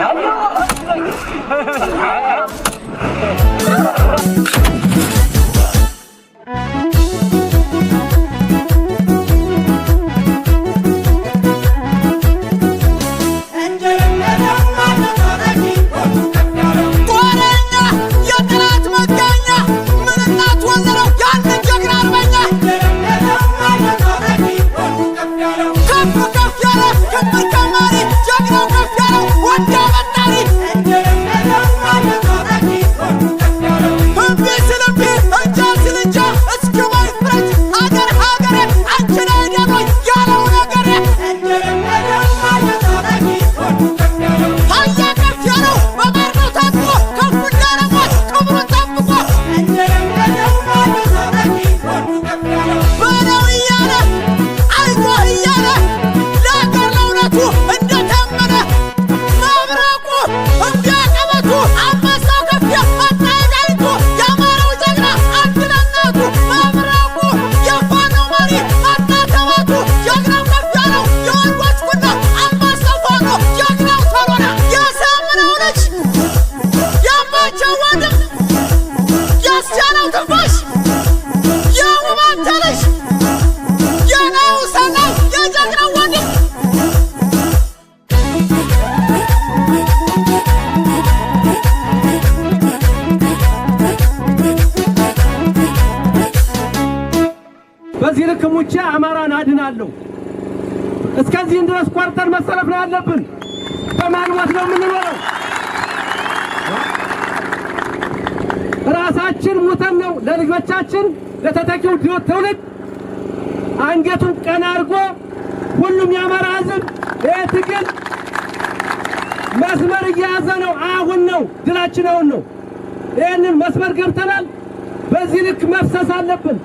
哎呦！哈哈哈哈哈！ላሳይሽ በዚህ ልክ ሙቼ አማራን አድናለሁ። እስከዚህን ድረስ ኳርተር መሰለፍ ነው ያለብን። በማልሞት ነው የምንኖረው። ራሳችን ሙተን ነው ለልጆቻችን ለተተኪው ትውልድ አንገቱን ቀና አድርጎ ሁሉም የአማራ ህዝብ ይህ ትግል መስመር እየያዘ ነው። አሁን ነው ድላችን፣ አሁን ነው። ይህንን መስመር ገብተናል። በዚህ ልክ መፍሰስ አለብን።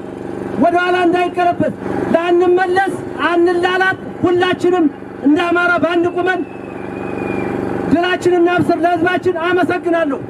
ወደ ኋላ እንዳይቀርብን ላንመለስ፣ አንላላት። ሁላችንም እንደ አማራ ባንቁመን ቁመን ድላችን እናብስር። ለህዝባችን አመሰግናለሁ።